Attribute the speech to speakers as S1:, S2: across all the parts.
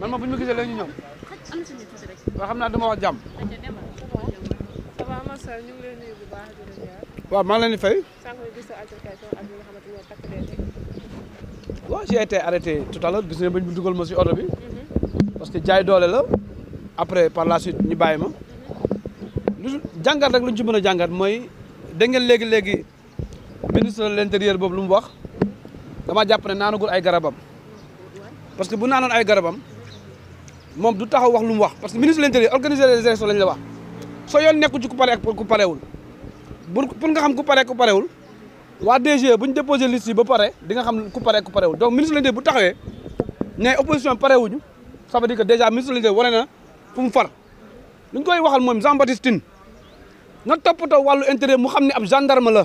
S1: man ma bu ñu ma gisee léegi ñu ñëw. xam naa dama wax jàmm. waaw maa ngi leen waaw j'ai été arrêté tout gis nañu ba ñu dugal ma si oto bi. Mhm. parce que jaay doole la après par la suite ñu bàyyi ma. lu jàngat rek lu ñu ci mën a jàngat mooy dégg ngeen léegi léegi ministre de l'intérieur boobu lu mu wax dama jàpp ne naanagul ay garabam parce que bu naanoon ay garabam moom du taxaw wax lu mu wax parce que ministre de l'intérieur organiser les élections lañ la wax soo yoon nekku ci ku pare ak ku parewul pour pour nga xam ku pare ku parewul waa DG bu ñu déposé liste yi ba pare di nga xam ku pare ku parewul donc ministre de l'intérieur bu taxawee ne opposition parewuñu ça veut dire que déjà ministre de l'intérieur wane na fu mu far lu ñu koy waxal moom Jean na toppatoo wàllu intérêt mu xam ne ab gendarme la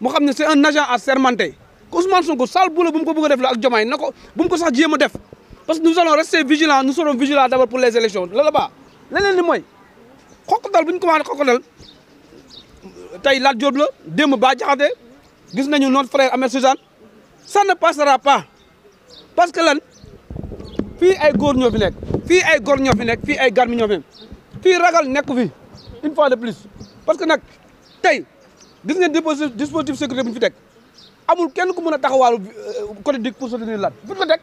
S1: mu xam ne c'est un agent assermenté que Ousmane Sonko sale boulot bu mu ko bëgg a def la ak Diomaye na ko bu mu ko sax jéem a def parce que nous allons rester vigilants nous serons vigilants d'abord pour les élections la la baa leneen li mooy xoqatal bu ñu commencé xoqatal tey Lat Diop la démb Bah Diakhaté gis nañu notre frère Ahmed Suzanne ça ne passera pas parce que lan fii ay góor ñoo fi nekk fii ay góor ñoo fi nekk fii ay garmi ñoo fii ragal nekku fi une de plus parce que nag tey gis ngeen dispositif dispositif sécurité bu ñu fi teg amul kenn ku mën a taxawaalu euh, côté DIC pour soutenir Lat bu ñu ko teg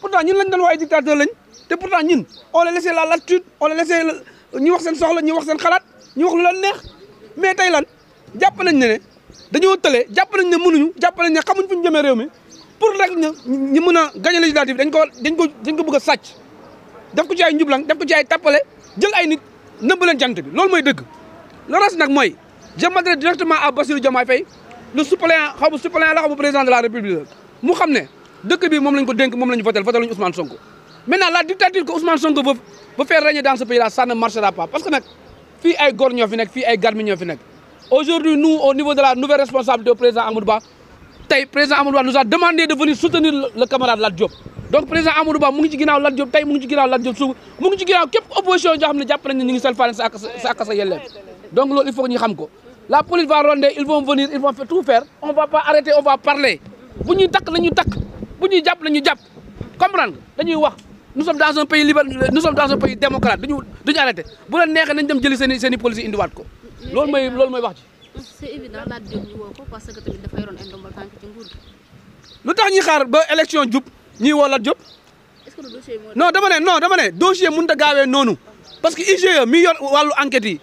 S1: pourtant ñun lañ doon wax ay dictateur lañ te pourtant ñun on a laissé la latitude on a laissé ñu wax seen soxla ñu wax seen xalaat ñu wax lan neex mais tey lan jàpp nañ ne ne dañoo tëlee jàpp nañ ne mënuñu jàpp nañ ne xamuñ fu ñu jëmee réew mi pour rek ñu mën a gagné législative dañ ko dañ ko dañ ko bëgg sàcc def ko ci ay njublang def ko ci ay tàppale jël ay nit nëbb leen jant bi loolu mooy dëgg le reste nag mooy je m'adresse directement à Bassirou Diomaye Faye le suppléant xaw ma la xaw président de la république mu xam ne dëkk bi moom lañ ko dénk moom la ñu voté voté lañu Ousmane Sonko la dictature que Ousmane Sonko veut veut faire régner dans ce pays là ça ne marchera parce que nag fii ay góor ñoo fi nekk fii ay garmi ñoo fi nekk aujourd'hui nous au niveau de la nouvelle responsabilité au président Amadou Ba tey président Amadou Ba nous a demandé donc lool il faut que xam ko la police va ronder ils vont venir ils vont faire tout faire on va pas parler bu ñuy takk la ñuy takk bu ñuy jàpp la ñuy jàpp comprendre nga dañuy wax nous sommes dans un pays liber nous sommes dans un pays démocrate bu neexee nañ dem jëli seen i seen i policiers indiwaat ko loolu mooy loolu mooy wax ci. c'est évident lu tax ñuy xaar ba élection jub ñuy woo Lat no dama ne non dama ne dossier mënut a gaawee noonu parce que IGE mi yor wàllu enquête yi.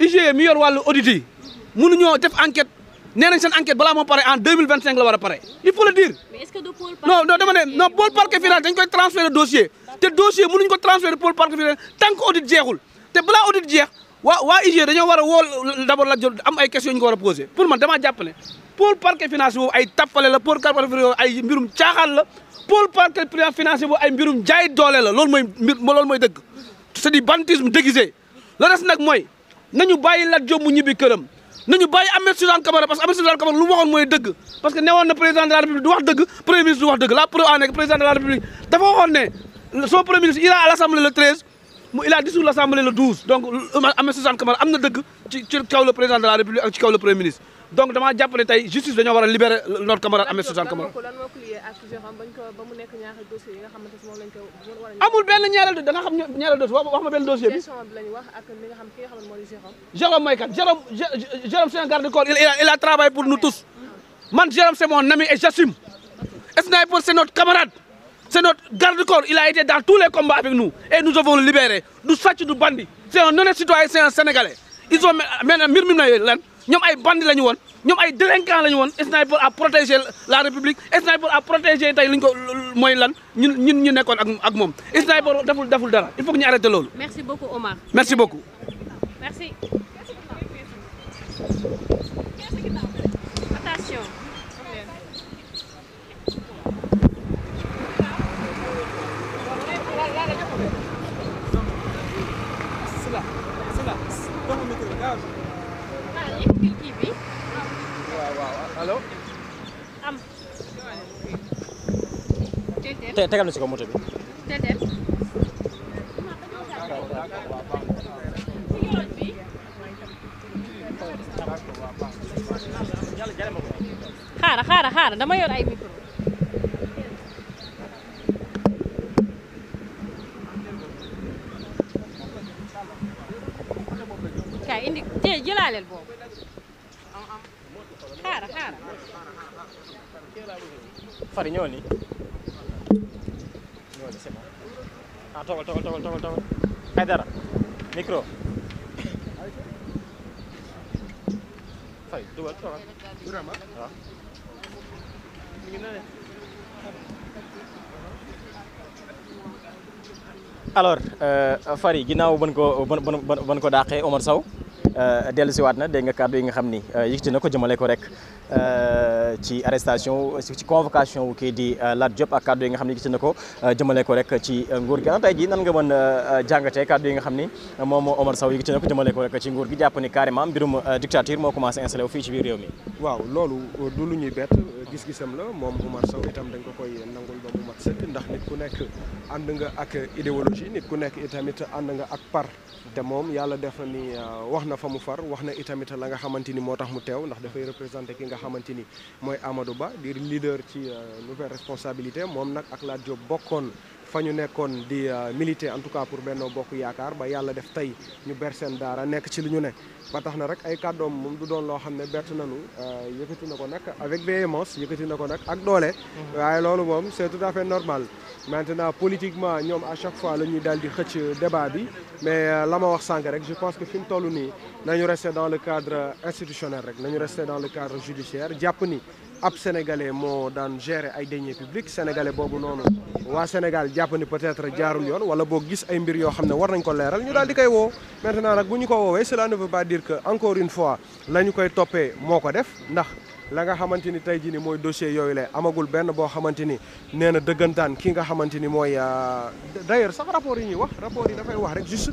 S1: UGE mi yor wàllu audit yi mënuñoo def enquête nee nañ seen balaa moo pare en la war a pare il faut le dire.
S2: mais est-ce que du pôle
S1: parquet non non dama ne non pôle parquet final dañ koy transférer te dossier mënuñ ko jeexul te balaa audit jeex waa waa UGE dañoo war a woo d'abord la am ay questions yu ñu ko war a poser pour man damaa jàpp ne pôle boobu ay tappale la pôle parquet ay mbirum caaxaan la pôle parquet financier boobu ay mbirum jaay doole la lool mooy mbir loolu mooy dëgg c'est du banditisme déguisé le reste nag mooy. nañu bàyyi Lat Diop mu ñibbi këram nañu bàyyi Ahmed Suzanne Camara parce que Ahmed Suzanne Camara lu mu waxoon dëgg parce que newoon na président de la république du wax dëgg premier ministre du wax dëgg la preuve en président de la république dafa waxoon ne son premier ministre ira à l' assemblée le mu il a dissous l' assemblée le donc Ahmed Suzanne Camara am na dëgg ci ci kaw le président de la république ak ci kaw le premier ministre donc dama jàpp ne tey justice dañoo war a libérer notre camarade Ahmed Suzanne Camara amul benn ñaareel dossier da nga xam ñaareel dossier wax ma benn dossier bi Jérôme mooy kan Jérôme Jérôme garde corps il a travaillé pour nous tous man Jérôme c'est mon ami et j'assume Sniper c'est notre camarade c'est notre garde corps il a été dans tous les combats avec nous et nous devons le libérer du sàcc du bandi c'est ils ont mel na mbir mi na lan ñoom ay bandi la ñu woon ñoom ay délinquant la ñu woon sniper à protéger la république sniper à protéger tey li ñu ko mooy lan ñun ñun ñu nekkoon ak ak moom sniper deful deful dara il faut que ñu arrêté loolu. merci beaucoup Omar. merci beaucoup. merci. attention.
S3: te tegal na si ko moto bi. xaara xaara xaara dama yor ay micro.
S1: kay indi jë jëlaaleel boobu xaara xaara.
S3: fari ñoo vas-y c'est bon ah toogal micro ah. alors euh, Fary ginnaaw ban ko ban ban ko dàqee Omar Sow euh, dellu siwaat na dégg nga kàddu yi nga xam ni euh, yëkkati na ko jëmale ko rek ci arrestation ci convocation wu kii di euh, Lat Diop ak kàddu yi nga xam ne gis na ko jëmale ko rek ci nguur gi ana tey yi nga xam ni moom Omar Sow yi gis na ni moo commencé installé wu fii ci biir réew mi
S2: waaw euh, la moom Omar Sow itam dañ ko koy nangul ba mu mat sëkk ndax nit ku nekk ànd nga ak idéologie nit ku nekk itamit nga ak par moom yàlla def ni euh, wax na fa mu far wax na itamit la nga xamante ni moo tax mu teew ndax dafay représenté ki nga xamante ni mooy Amadou Ba di leader ci euh, nouvelle responsabilité moom nag ak Lat Diop bokkoon fa ñu nekkoon di euh, milité en tout cas pour Benno Bokk Yaakaar ba yàlla def tey ñu ber seen daara nekk ci li ñu ne ba tax na rek ay kàddoom moom du doon loo xam ne bett nañu euh, yëkkati na ko nag avec véhémence yëkkati na ko nag ak doole mmh. waaye loolu moom c'est tout à fait normal maintenant politiquement ñoom à chaque fois la ñuy daal di xëcc débat bi mais euh, la ma wax sànq rek je pense que fi mu toll nii nañu rester dans le cadre institutionnel rek nañu rester dans le cadre judiciaire jàpp ni ab sénégalais moo daan gérer ay deniers publics sénégalais boobu noonu waa Sénégal jàpp ni peut-être jaarul yoon wala boo gis ay mbir yoo xam ne war nañ ko leeral ñu daal di koy woo maintenant nag bu ñu ko woowee cela ne veut pas dire que encore une fois la ñu koy toppee moo ko def ndax la nga xamante ni tey jii ni mooy dossier yooyu la amagul benn boo xamante ni nee na dëggantaan ki nga xamante ni mooy euh, d'ailleurs sax rapport yi ñuy wax rapport yi dafay wax rek juste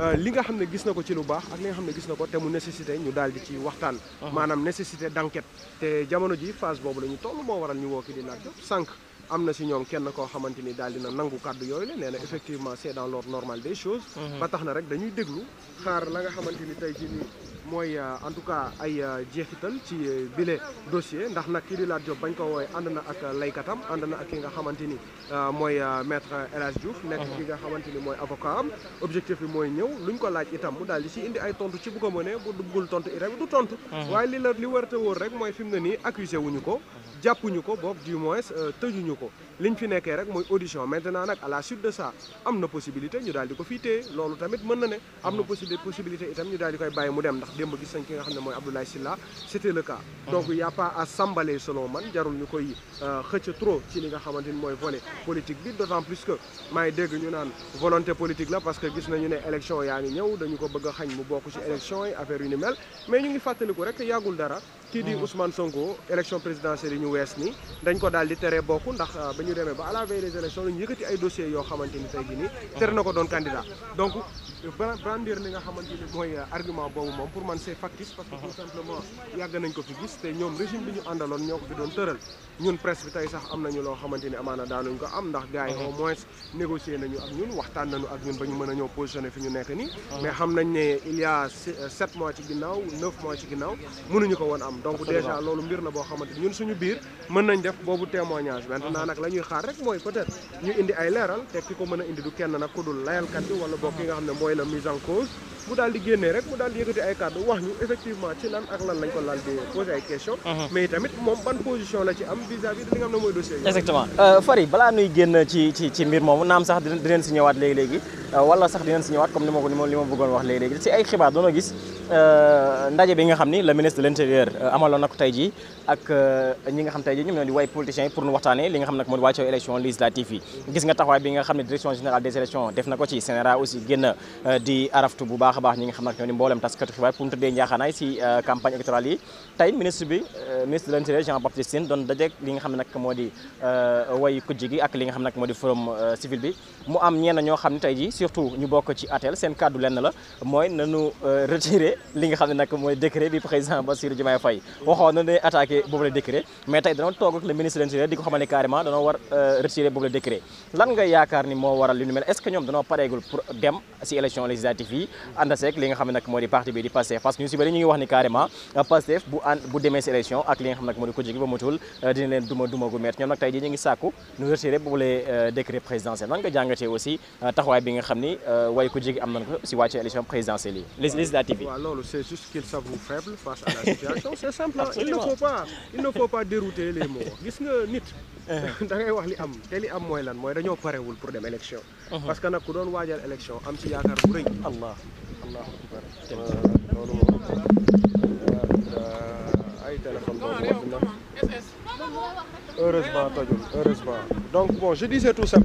S2: euh, li nga xam ne gis na ko ci lu baax ak li nga xam ne gis na ko te mu nécessité ñu daal di ci waxtaan. Uh-huh. maanaam nécessité d'enquête. te jamono ji phase boobu la ñu toll moo waral ñu woo kii di laaj sànq. am na si ñoom kenn koo xamante ni daal dina nangu kàddu yooyu la na effectivement c'est dans l'ordre normal des choses mhm. ba tax na rek dañuy déglu xaar la nga xamante ni tey jii mooy euh, en tout cas ay euh, jeexital ci euh, bile dossier ndax nag ki di Lat bañ ko wooye ànd na ak laykatam ànd na ak ki nga xamante ni mooy maître El Hadj mhm. nekk ki nga xamante ni mooy avocat am objectif bi mooy ñëw luñ ko laaj itam mu daal di si indi ay tontu ci bu ko mënee bu duggul tontu itam du tontu mhm. waaye li li warte wóor rek mooy fi mu ne nii accusé wuñu ko jàppuñu ko boobu du moins tëjuñu ko liñ fi nekkee rek mooy audition maintenant nag à la suite de ça am na possibilité ñu daal di ko fii téye loolu tamit mën na ne am na possibilité itam ñu daal di koy bàyyi mu dem ndax démb gis nañ koy euh, xëcc trop ci li nga xamante ni mooy volet politique bi d'autant plus que maa dégg ñu naan volonté politique la parce que gis nañu ne élection yaa ngi ñëw dañu ko bëgg a xañ mu bokk ci élection yi affaire yu mel mais ñu ngi fàttaliku rek yàggul dara kii di hmm. Ousmane yi ñu wees ni ko daal di teree ndax euh, ba ñu demee ba à la veille des élections yëkkati ay dossiers yoo xamante ni tey tere na ko doon candidat donc brandir li nga xamante ni mooy euh, argument boobu moom pour man c'est factice parce que tout simplement yàgg nañ ko fi gis te ñoom régime bi ñu àndaloon ñoo ko fi doon tëral ñun presse bi tey sax am nañu loo xamante ni amaana daanuñ ko am ndax gars yi mhm. négocier nañu ak ñun waxtaan nañu ak ñun ba ñu mën a ñëw positionné fi ñu nekk nii mhm. mais xam nañ ne il y a euh, mois ci ginnaaw neuf mois ci ginnaaw mënuñu ko woon am donc déjà loolu mbir la boo xamante mhm. a mooy la mise en cause mu daal di génnee rek mu daal di yëkkati ay kàddu wax ñu effectivement ci lan ak lan lañ ko laal di posé ay question mhm. mais tamit moom ban position la ci am vis-à-vis li nga xam ne mooy dossier yi exactement
S3: euh, Fary balaa nuy génn ci ci ci mbir moomu naam sax dineen si ñëwaat léegi-léegi euh, wala sax dineen si ñëwaat comme ni ma ko li euh, nga xam ni le ministre de l'intérieur amaloon na ko tey ak ñi nga xam tey jii ñoom ñoo di way li nga xam nag mooy wàccoo élection législative gis nga taxawaay bi nga xam ne direction générale des élections def baax baax a ñi nga xam nag ñoo di mboolem taskatu xibaar pour mu tëddee njaaxaanaay si euh, campagne électorale yi ministre bi euh, ministre de l'intérieur Jean Baptiste doon dajeek li nga xam ne mooy nanu euh, décret bi président Bassirou Diomaye Faye waxoon na ne attaqué boobu la décret mais tey danoo toog ak ministre de l'intérieur di ko xamal ne danoo war retirer boobu décret lan nga yaakaar ni moo waral li nu mel est-ce que ñoom danoo pareegul pour dem si élection ànd seeg li nga xam ne moo di parti bi di Pastef parce que ñu si bëri ñu ngi wax ni carrément euh, Pastef bu ànd bu ak li nga xam ne moo di ko jigi ba matul euh, dina leen duma duma gu metti ñoom nag tey jii ñu ngi sàkku ñu retiré boobulee euh, décret présidentiel nan jàngatee aussi taxawaay bi nga xam ni way ko jigi am nañ ko si wàcce élection présidentielle yi législative
S2: yi waaw loolu c'est juste qu'ils s'avouent faibles face à la situation c'est simple uh-huh. da allahu akbar loolu moom ay téléphone boobu wax na heureusement tojul heureusement donc bon je disais tout